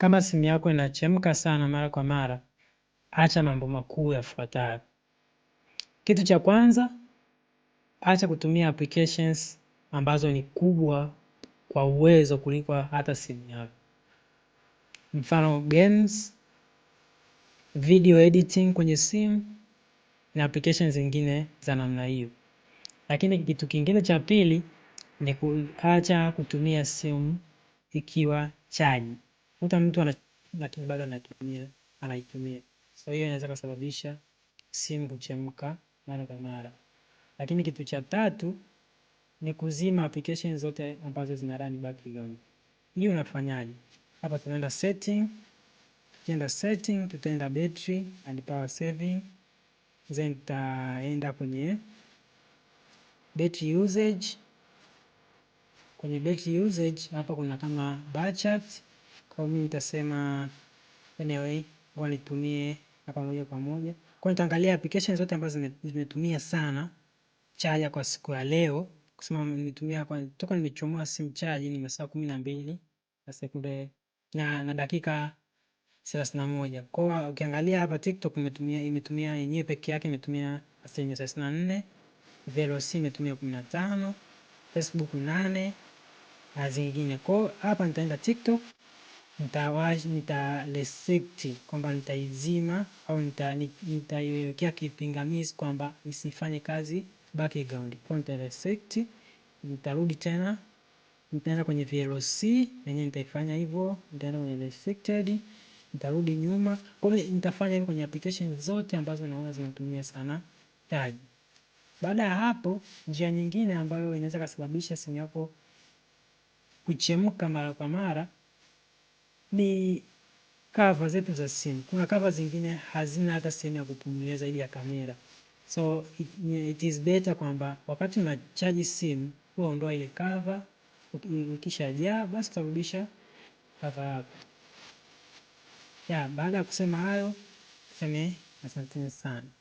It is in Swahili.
Kama simu yako inachemka sana mara kwa mara, acha mambo makuu yafuatayo. Kitu cha kwanza, acha kutumia applications ambazo ni kubwa kwa uwezo kuliko hata simu yako. Mfano games, video editing kwenye simu na applications zingine za namna hiyo. Lakini kitu kingine cha pili ni kuacha kutumia simu ikiwa chaji kuta mtu ana lakini bado anatumia anaitumia. So hiyo inaweza kusababisha simu kuchemka mara kwa mara. Lakini kitu cha tatu ni kuzima application zote ambazo zina run background. Hiyo unafanyaje? Hapa tunaenda setting, tukienda setting, tutaenda battery and power saving, then tutaenda kwenye battery usage. Kwenye battery usage hapa kuna kama bar chart kwa mimi nitasema anyway huwa nitumie na pamoja pamoja. Kwa hiyo nitaangalia application zote ambazo nimetumia sana chaja kwa siku ya leo. Kusema nimetumia kwa toka nimechomoa simu chaji ni masaa kumi na mbili na sekunde na dakika thelathini na moja. Kwa ukiangalia hapa TikTok imetumia yenyewe peke yake imetumia asilimia thelathini na nne. Veloci imetumia kumi na tano, Facebook nane na zingine. Kwa hapa nitaenda TikTok nitalesekti kwamba nitaizima au nitaiwekea kipingamizi kwamba isifanye kazi background. Kwa nitalesekti, nitarudi tena, nitaenda kwenye VLC, yenyewe nitaifanya hivyo, nitaenda kwenye restricted, nitarudi nyuma. Kwa hiyo nitafanya hivyo kwenye application zote ambazo naona zinatumia sana tag. Baada ya hapo, njia nyingine ambayo inaweza kusababisha simu yako kuchemka mara kwa mara ni kava zetu za simu. Kuna kava zingine hazina hata sehemu ya kupumulia zaidi ya kamera. So it, it is better kwamba wakati charge simu huwa ondoa ile ukisha jaa basi utarudisha kava yako. Ya, baada ya kusema hayo, tuseme asanteni sana.